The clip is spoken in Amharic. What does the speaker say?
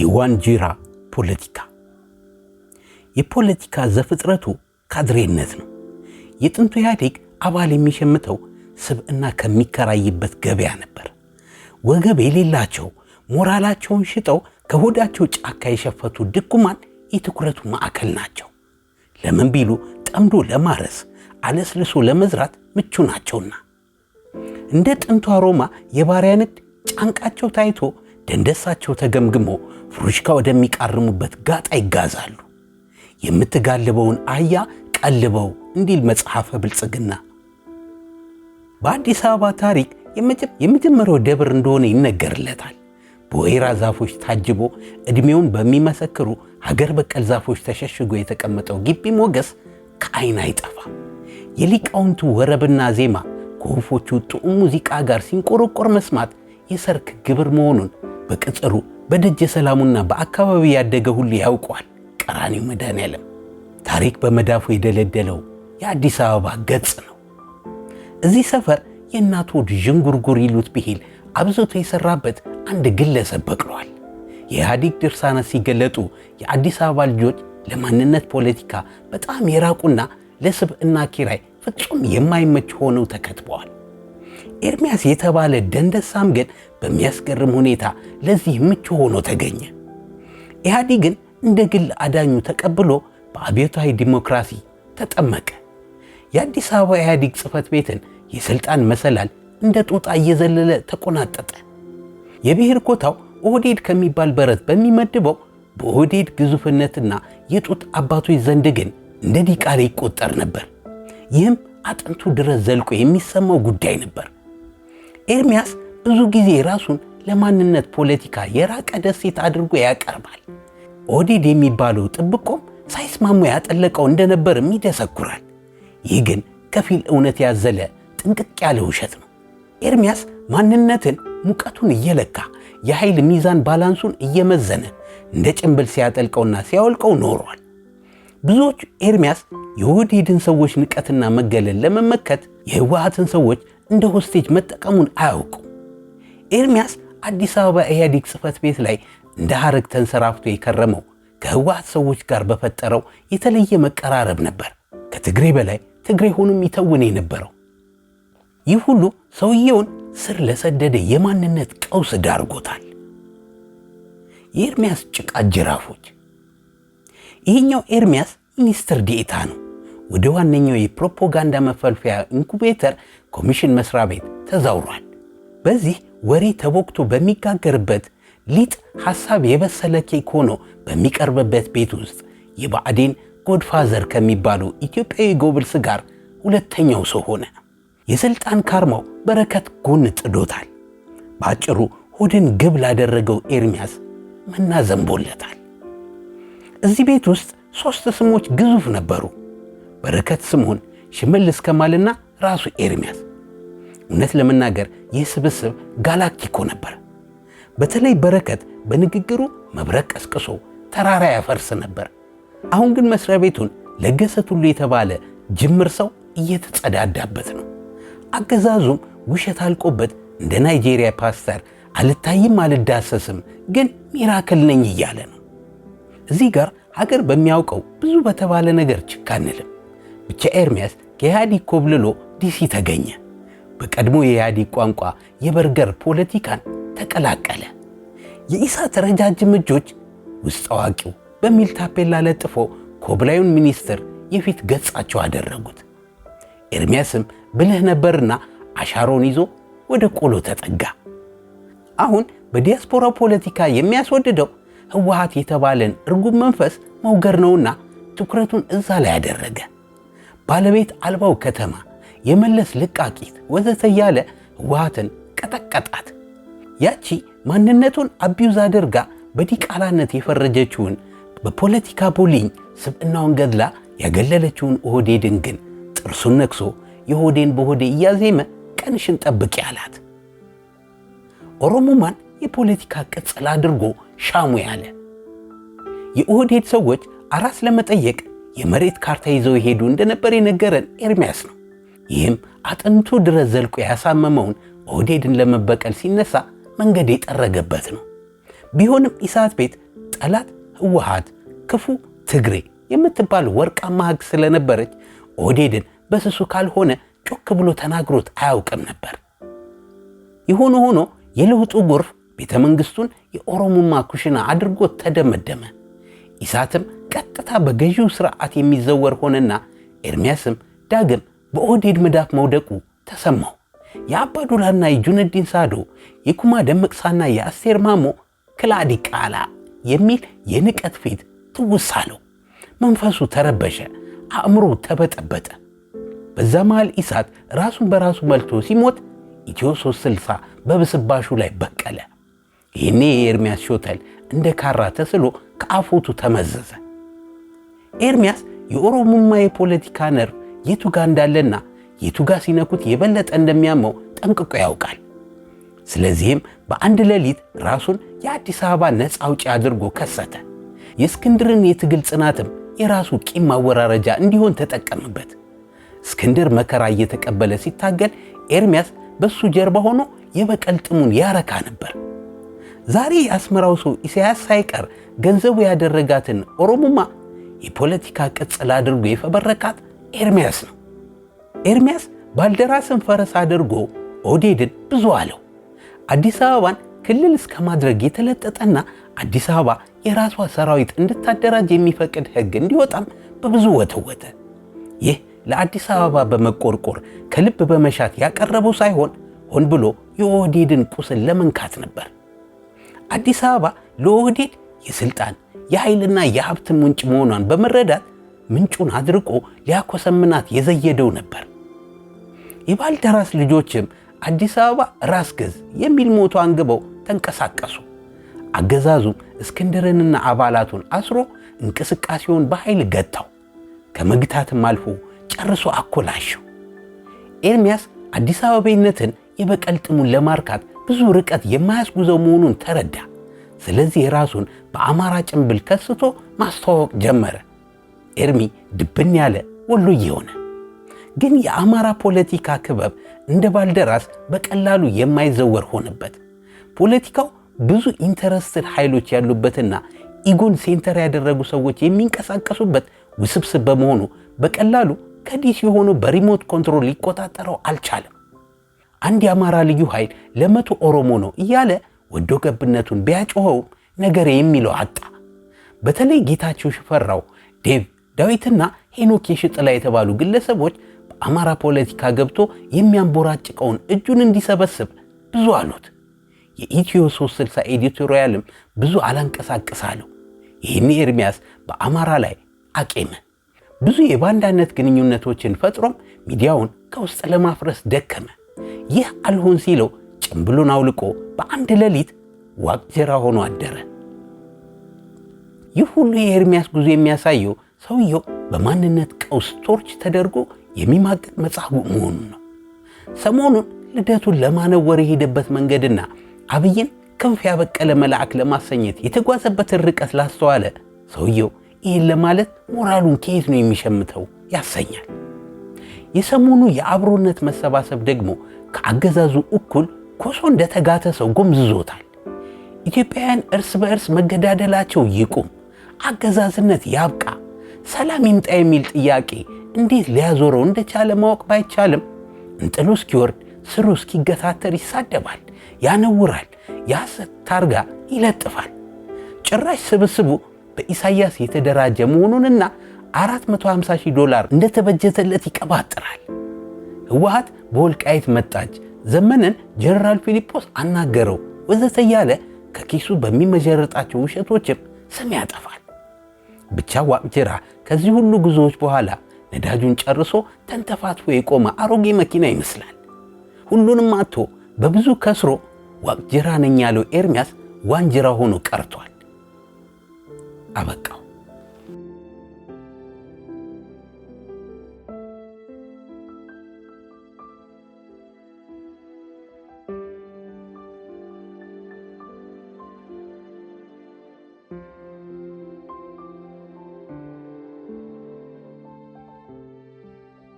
የዋንጂራ ፖለቲካ የፖለቲካ ዘፍጥረቱ ካድሬነት ነው። የጥንቱ ኢህአዴግ አባል የሚሸምተው ስብዕና ከሚከራይበት ገበያ ነበር። ወገብ የሌላቸው ሞራላቸውን ሽጠው ከሆዳቸው ጫካ የሸፈቱ ድኩማን የትኩረቱ ማዕከል ናቸው። ለምን ቢሉ ጠምዶ ለማረስ አለስልሶ ለመዝራት ምቹ ናቸውና። እንደ ጥንቷ ሮማ የባሪያ ንግድ ጫንቃቸው ታይቶ ደንደሳቸው ተገምግሞ ፍሩሽካ ወደሚቃርሙበት ጋጣ ይጋዛሉ። የምትጋልበውን አህያ ቀልበው እንዲል መጽሐፈ ብልጽግና። በአዲስ አበባ ታሪክ የመጀመሪያው ደብር እንደሆነ ይነገርለታል። በወይራ ዛፎች ታጅቦ ዕድሜውን በሚመሰክሩ ሀገር በቀል ዛፎች ተሸሽጎ የተቀመጠው ግቢ ሞገስ ከዓይን አይጠፋ የሊቃውንቱ ወረብና ዜማ ከወፎቹ ጥዑም ሙዚቃ ጋር ሲንቆረቆር መስማት የሰርክ ግብር መሆኑን በቅጽሩ በደጀ ሰላሙና በአካባቢ ያደገ ሁሉ ያውቀዋል። ቀራኒው መድኃኔዓለም ታሪክ በመዳፉ የደለደለው የአዲስ አበባ ገጽ ነው። እዚህ ሰፈር የእናቱ ወድ ዥንጉርጉር ይሉት ብሂል አብዝቶ የሰራበት አንድ ግለሰብ በቅሏል። የኢህአዲግ ድርሳናት ሲገለጡ የአዲስ አበባ ልጆች ለማንነት ፖለቲካ በጣም የራቁና ለስብዕና ኪራይ ፍጹም የማይመች ሆነው ተከትበዋል። ኤርሚያስ የተባለ ደንደሳም ግን በሚያስገርም ሁኔታ ለዚህ ምቹ ሆኖ ተገኘ። ኢህአዴግን እንደ ግል አዳኙ ተቀብሎ በአብዮታዊ ዲሞክራሲ ተጠመቀ። የአዲስ አበባ ኢህአዴግ ጽህፈት ቤትን የሥልጣን መሰላል እንደ ጦጣ እየዘለለ ተቆናጠጠ። የብሔር ኮታው ኦህዴድ ከሚባል በረት በሚመድበው በኦህዴድ ግዙፍነትና የጡት አባቶች ዘንድ ግን እንደ ዲቃላ ይቆጠር ነበር። ይህም አጥንቱ ድረስ ዘልቆ የሚሰማው ጉዳይ ነበር። ኤርሚያስ ብዙ ጊዜ ራሱን ለማንነት ፖለቲካ የራቀ ደሴት አድርጎ ያቀርባል። ኦዲድ የሚባለው ጥብቆም ሳይስማሙ ያጠለቀው እንደነበርም ይደሰኩራል። ይህ ግን ከፊል እውነት ያዘለ ጥንቅቅ ያለ ውሸት ነው። ኤርሚያስ ማንነትን ሙቀቱን እየለካ የኃይል ሚዛን ባላንሱን እየመዘነ እንደ ጭንብል ሲያጠልቀውና ሲያወልቀው ኖሯል። ብዙዎቹ ኤርሚያስ የኦህዴድን ሰዎች ንቀትና መገለል ለመመከት የህወሓትን ሰዎች እንደ ሆስቴጅ መጠቀሙን አያውቁም። ኤርሚያስ አዲስ አበባ ኢህአዴግ ጽህፈት ቤት ላይ እንደ ሐረግ ተንሰራፍቶ የከረመው ከህወሓት ሰዎች ጋር በፈጠረው የተለየ መቀራረብ ነበር። ከትግሬ በላይ ትግሬ ሆኖም ይተውን የነበረው ይህ ሁሉ ሰውየውን ስር ለሰደደ የማንነት ቀውስ ዳርጎታል። የኤርሚያስ ጭቃ ጅራፎች። ይህኛው ኤርሚያስ ሚኒስትር ዲኤታ ነው። ወደ ዋነኛው የፕሮፓጋንዳ መፈልፈያ ኢንኩቤተር ኮሚሽን መስሪያ ቤት ተዛውሯል። በዚህ ወሬ ተቦክቶ በሚጋገርበት ሊጥ ሐሳብ የበሰለ ኬክ ሆኖ በሚቀርብበት ቤት ውስጥ የባዕዴን ጎድፋዘር ከሚባሉ ኢትዮጵያዊ ጎብልስ ጋር ሁለተኛው ሰው ሆነ። የሥልጣን ካርማው በረከት ጎን ጥዶታል። በአጭሩ ሆድን ግብ ላደረገው ኤርሚያስ መና ዘንቦለታል። እዚህ ቤት ውስጥ ሦስት ስሞች ግዙፍ ነበሩ። በረከት ስምዖን፣ ሽመልስ ከማልና ራሱ ኤርሚያስ እውነት ለመናገር ይህ ስብስብ ጋላክቲኮ ነበር። በተለይ በረከት በንግግሩ መብረቅ ቀስቅሶ ተራራ ያፈርስ ነበር። አሁን ግን መስሪያ ቤቱን ለገሰት ሁሉ የተባለ ጅምር ሰው እየተጸዳዳበት ነው። አገዛዙም ውሸት አልቆበት እንደ ናይጄሪያ ፓስተር አልታይም አልዳሰስም፣ ግን ሚራክል ነኝ እያለ ነው። እዚህ ጋር ሀገር በሚያውቀው ብዙ በተባለ ነገር ችካንልም ብቻ ኤርሚያስ ከኢህአዲግ ኮብልሎ ዲሲ ተገኘ። በቀድሞ የኢህአዴግ ቋንቋ የበርገር ፖለቲካን ተቀላቀለ። የኢሳት ረጃጅም እጆች ውስጥ አዋቂው በሚል ታፔላ ለጥፎ ኮብላዩን ሚኒስትር የፊት ገጻቸው አደረጉት። ኤርሚያስም ብልህ ነበርና አሻሮን ይዞ ወደ ቆሎ ተጠጋ። አሁን በዲያስፖራ ፖለቲካ የሚያስወድደው ህወሀት የተባለን እርጉም መንፈስ መውገር ነውና ትኩረቱን እዛ ላይ ያደረገ ባለቤት አልባው ከተማ የመለስ ልቃቂት ወዘተ እያለ ህወሓትን ቀጠቀጣት። ያቺ ማንነቱን አቢውዝ አድርጋ በዲቃላነት የፈረጀችውን በፖለቲካ ቡሊኝ ስብዕናውን ገድላ ያገለለችውን ኦህዴድን ግን ጥርሱን ነክሶ የሆዴን በሆዴ እያዜመ ቀንሽን ጠብቂ አላት። ኦሮሞማን የፖለቲካ ቅጽል አድርጎ ሻሙ ያለ የኦህዴድ ሰዎች አራስ ለመጠየቅ የመሬት ካርታ ይዘው ይሄዱ እንደነበር የነገረን ኤርሚያስ ነው። ይህም አጥንቱ ድረስ ዘልቆ ያሳመመውን ኦህዴድን ለመበቀል ሲነሳ መንገድ የጠረገበት ነው። ቢሆንም ኢሳት ቤት ጠላት ህወሓት፣ ክፉ ትግሬ የምትባል ወርቃማ ህግ ስለነበረች ኦህዴድን በስሱ ካልሆነ ጮክ ብሎ ተናግሮት አያውቅም ነበር። የሆነ ሆኖ የለውጡ ጎርፍ ቤተ መንግሥቱን የኦሮሞማ ኩሽና አድርጎት ተደመደመ። ኢሳትም ቀጥታ በገዢው ስርዓት የሚዘወር ሆነና ኤርሚያስም ዳግም በኦህዴድ መዳፍ መውደቁ ተሰማው። የአባዱላና የጁነዲን ሳዶ የኩማ ደመቅሳና የአስቴር ማሞ ክላዲ ቃላ የሚል የንቀት ፊት ትውስ አለው። መንፈሱ ተረበሸ፣ አእምሮ ተበጠበጠ። በዛ መሃል ኢሳት ራሱን በራሱ መልቶ ሲሞት ኢትዮ 360 በብስባሹ ላይ በቀለ። ይህኔ የኤርሚያስ ሾተል እንደ ካራ ተስሎ ከአፎቱ ተመዘዘ። ኤርሚያስ የኦሮሞማ የፖለቲካ ነርቭ የቱ ጋር እንዳለና የቱ ጋር ሲነኩት የበለጠ እንደሚያመው ጠንቅቆ ያውቃል። ስለዚህም በአንድ ሌሊት ራሱን የአዲስ አበባ ነፃ አውጪ አድርጎ ከሰተ። የእስክንድርን የትግል ጽናትም የራሱ ቂም ማወራረጃ እንዲሆን ተጠቀምበት እስክንድር መከራ እየተቀበለ ሲታገል፣ ኤርሚያስ በሱ ጀርባ ሆኖ የበቀል ጥሙን ያረካ ነበር። ዛሬ የአስመራው ሰው ኢሳያስ ሳይቀር ገንዘቡ ያደረጋትን ኦሮሞማ የፖለቲካ ቅጽል አድርጎ የፈበረካት ኤርሚያስ ነው። ኤርሚያስ ባልደራስን ፈረስ አድርጎ ኦዴድን ብዙ አለው። አዲስ አበባን ክልል እስከ ማድረግ የተለጠጠና አዲስ አበባ የራሷ ሰራዊት እንድታደራጅ የሚፈቅድ ሕግ እንዲወጣም በብዙ ወተወተ። ይህ ለአዲስ አበባ በመቆርቆር ከልብ በመሻት ያቀረበው ሳይሆን ሆን ብሎ የኦዴድን ቁስል ለመንካት ነበር። አዲስ አበባ ለኦዴድ የስልጣን የኃይልና የሀብት ምንጭ መሆኗን በመረዳት ምንጩን አድርቆ ሊያኮሰምናት የዘየደው ነበር። የባልደራስ ልጆችም አዲስ አበባ ራስ ገዝ የሚል ሞቶ አንግበው ተንቀሳቀሱ። አገዛዙም እስክንድርንና አባላቱን አስሮ እንቅስቃሴውን በኃይል ገታው። ከመግታትም አልፎ ጨርሶ አኮላሸው። ኤርሚያስ አዲስ አበባይነትን የበቀል ጥሙን ለማርካት ብዙ ርቀት የማያስጉዘው መሆኑን ተረዳ። ስለዚህ ራሱን በአማራ ጭንብል ከስቶ ማስተዋወቅ ጀመረ። ኤርሚ ድብን ያለ ወሎ ሆነ። ግን የአማራ ፖለቲካ ክበብ እንደ ባልደራስ በቀላሉ የማይዘወር ሆነበት። ፖለቲካው ብዙ ኢንተረስትድ ኃይሎች ያሉበትና ኢጎን ሴንተር ያደረጉ ሰዎች የሚንቀሳቀሱበት ውስብስብ በመሆኑ በቀላሉ ከዲሲ የሆኑ በሪሞት ኮንትሮል ሊቆጣጠረው አልቻለም። አንድ የአማራ ልዩ ኃይል ለመቶ ኦሮሞ ነው እያለ ወዶ ገብነቱን ቢያጮኸውም ነገር የሚለው አጣ። በተለይ ጌታቸው ሽፈራው ዴቭ ዳዊትና ሄኖክ የሽጥላ የተባሉ ግለሰቦች በአማራ ፖለቲካ ገብቶ የሚያንቦራጭቀውን እጁን እንዲሰበስብ ብዙ አሉት። የኢትዮ 360 ኤዲቶሪያልም ብዙ አላንቀሳቅስ አለው። ይህን ኤርሚያስ በአማራ ላይ አቄመ። ብዙ የባንዳነት ግንኙነቶችን ፈጥሮም ሚዲያውን ከውስጥ ለማፍረስ ደከመ። ይህ አልሆን ሲለው ጭምብሉን አውልቆ በአንድ ሌሊት ዋቅጀራ ሆኖ አደረ። ይህ ሁሉ የኤርሚያስ ጉዞ የሚያሳየው ሰውየው በማንነት ቀውስ ቶርች ተደርጎ የሚማቅቅ መጻጉዕ መሆኑን ነው። ሰሞኑን ልደቱን ለማነወር የሄደበት መንገድና አብይን ክንፍ ያበቀለ መልአክ ለማሰኘት የተጓዘበትን ርቀት ላስተዋለ ሰውየው ይህን ለማለት ሞራሉን ከየት ነው የሚሸምተው ያሰኛል። የሰሞኑ የአብሮነት መሰባሰብ ደግሞ ከአገዛዙ እኩል ኮሶ እንደተጋተ ሰው ጎምዝዞታል። ኢትዮጵያውያን እርስ በእርስ መገዳደላቸው ይቁም፣ አገዛዝነት ያብቃ ሰላም ይምጣ የሚል ጥያቄ እንዴት ሊያዞረው እንደቻለ ማወቅ ባይቻልም እንጥሉ እስኪወርድ ስሩ እስኪገታተር ይሳደባል፣ ያነውራል፣ የሐሰት ታርጋ ይለጥፋል። ጭራሽ ስብስቡ በኢሳያስ የተደራጀ መሆኑንና 450 ሺህ ዶላር እንደተበጀተለት ይቀባጥራል። ህወሓት በወልቃይት መጣች፣ ዘመንን ጀነራል ፊሊጶስ አናገረው፣ ወዘተ እያለ ከኪሱ በሚመጀረጣቸው ውሸቶችም ስም ያጠፋል። ብቻ ዋቅጅራ ከዚህ ሁሉ ጉዞዎች በኋላ ነዳጁን ጨርሶ ተንተፋትፎ የቆመ አሮጌ መኪና ይመስላል። ሁሉንም አጥቶ በብዙ ከስሮ ዋቅጅራ ነኝ ያለው ኤርሚያስ ዋንጅራ ሆኖ ቀርቷል። አበቃ።